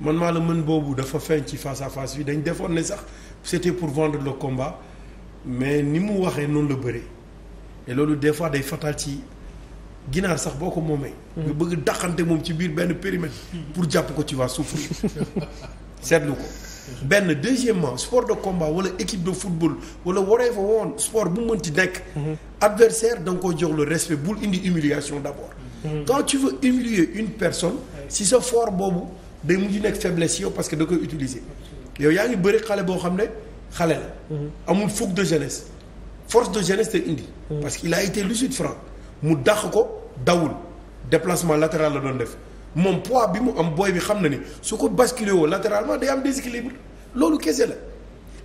man maa la mën boobu dafa feeñ ci face à face bi dañ defoon ne sax c'était pour vendre le combat mais ni mu waxee noonu la bëree loolu des fois day fatal ci ginaar sax boo ko moomee. nga bëgg daqante moom ci biir benn périmètre. pour jàpp ko tu vas souffrir seetlu ko. benn deuxièmement sport de combat wala équipe de football wala waree fa woon sport bu mu mënti nekk. Mhm. adversaire da nga koy jox le respect bul indi humiliation d'abord. Mhm. quand tu veux humilier une personne. si sa fort boobu. day mujj nekk faiblesse yow parce que da koy utiliser yow yaa ngi bëri xale boo xam ne xale la. Mhm. amul fougue de jeunesse force de jeunesse te indi. Mhm. parce que il a été lucide franc mu dàq ko dawul déplacement latéral la doon def moom poids bi mu am booy bi xam na ni su ko basculé woo latéralement day am déséquilibre loolu kese la.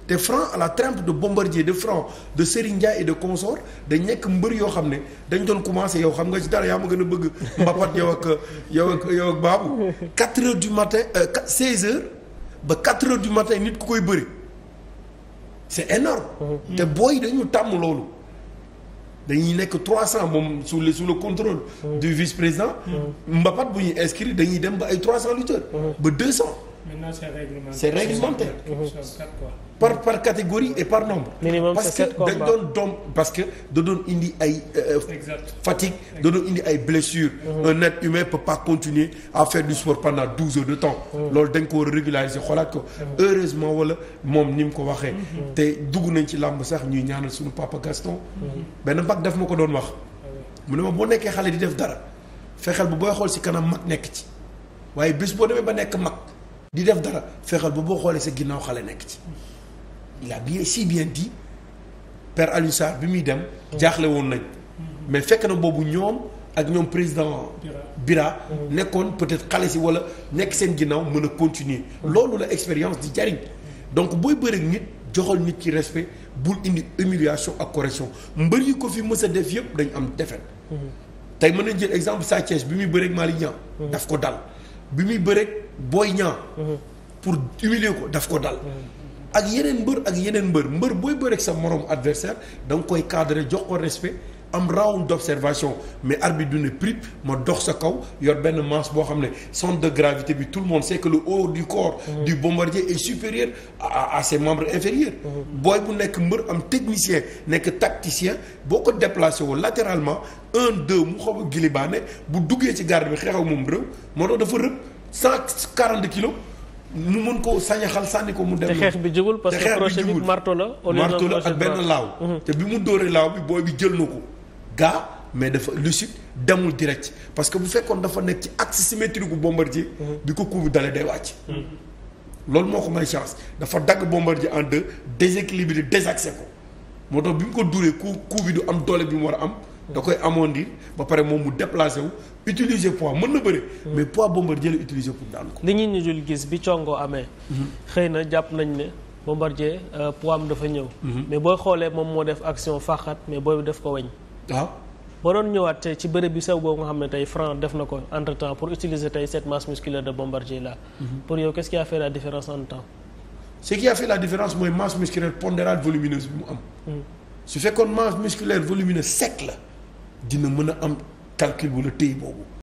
te Franc à la trempe de Bombardier de Franc de Serigne Ndiaye et de consort dañ nekk mbër yoo xam ne dañ doon commencé yow xam nga ci dara yaa ma gën a bëgg mbapat yow ak yow ak yow ak baabu quatre heures du matin euh, seize heures ba quatre heures du matin nit ku koy bëri c'est énorme mhm. te booy dañu tàmm loolu dañuy nekk trois cent moom sous le sous le contrôle mhm. du vice président mhm. mbapat bu ñuy inscrit dañuy dem ba ay trois cent lutteurs ba deux cent maintenant c'est réglementé. c'est réglementé. par par catégorie et par nombre. parce que dañ doon doom parce que da doon indi ay. Euh, fatigue da doon indi ay blessures. Mhm. un être humain peut pas continuer à faire du sport pendant douze heures de temps. Mhm. loolu dañ ko war a régulariser xoolaat ko. Mhm. heureusement wala moom ni mu ko waxee. te dugg nañ ci làmb sax ñuy ñaanal suñu papa Gaston. benn mag daf ma ko doon wax. Ah mu ne ma boo nekkee xale di def dara fexeel bu booy xool si kanam mag nekk ci waaye bés boo demee ba nekk mag. di def dara fexeel ba boo xoolee sa ginnaaw xale nekk ci il si bien dit père Alioune Sarr bi muy dem. jaaxle woon nañ. mais fekk na boobu ñoom ak ñoom président. Bira nekkoon peut-être xale si wala nekk seen ginnaaw mën a continuer. loolu la expérience di jariñ donc booy bëre nit joxal nit ci respect bul indi humiliation ak correction mbër yi ko fi mës def yëpp dañ am defet mhm. tey mën nañ jël exemple Sa bi muy bëreeg Malick Niang mhm. daf ko dal bi muy bëreeg booy Niang mhm. pour humilier ko daf ko dal mhm. ak yeneen mbër ak yeneen mbër mbër booy bëreek sa moroom adversaire da nga koy cadrer jox ko respect am round d'observation mais arbitre du ne prip ma dox sa kaw yor benn masse boo xam ne centre de gravité bi tout le monde sait que le haut du corps mmh. du bombardier est supérieur à, à ses membres mhm. booy bu nekk mbër am technicien nekk tacticien boo ko déplacé woo latéralement un deux mu xaw a gilibaane bu duggee ci garde bi xeexaw moom rëw cent quarante kilo mu mën ko sañaxal sànni ko mu dem. te xeex bi jugul parce que crochet bi marteau la. au lieu la ak benn laaw. Mhm. te bi mu dóoree laaw bi booy bi jël na ko. gaa mais dafa lucide demul direct parce que bu fekkoon dafa nekk ci axe symétrique bu bombardier. Mhm. bi ko coup bi dalee day wàcc. Mhm. loolu moo ko may chance dafa dagg bombardier en deux déséquilibré désaxé ko moo tax bi mu ko duree coup coup bi du am doole bi mu war a am. da koy amondir ba pare moom mu déplacé wu utiliser poids mën na bëre. mais poids Bombardier la utiliser pour daan ko. li ñuy ñu dul gis bi congo amee. Mhm. xëy na jàpp nañ ne Bombardier euh, poids am dafa ñëw. Mhm. mais booy xoolee moom moo def action faxat mais booy def ko weñ. waaw. ba doon ñëwaat tey ci bërëb bi sew boobu nga xam ne tey Franc def na ko entre temps pour utiliser tey cette masse musculaire de Bombardier là. Mhm. pour yow qu'est-ce a fait la différence en temps. a fait la différence la. dina mën a am calcul wala téy boobu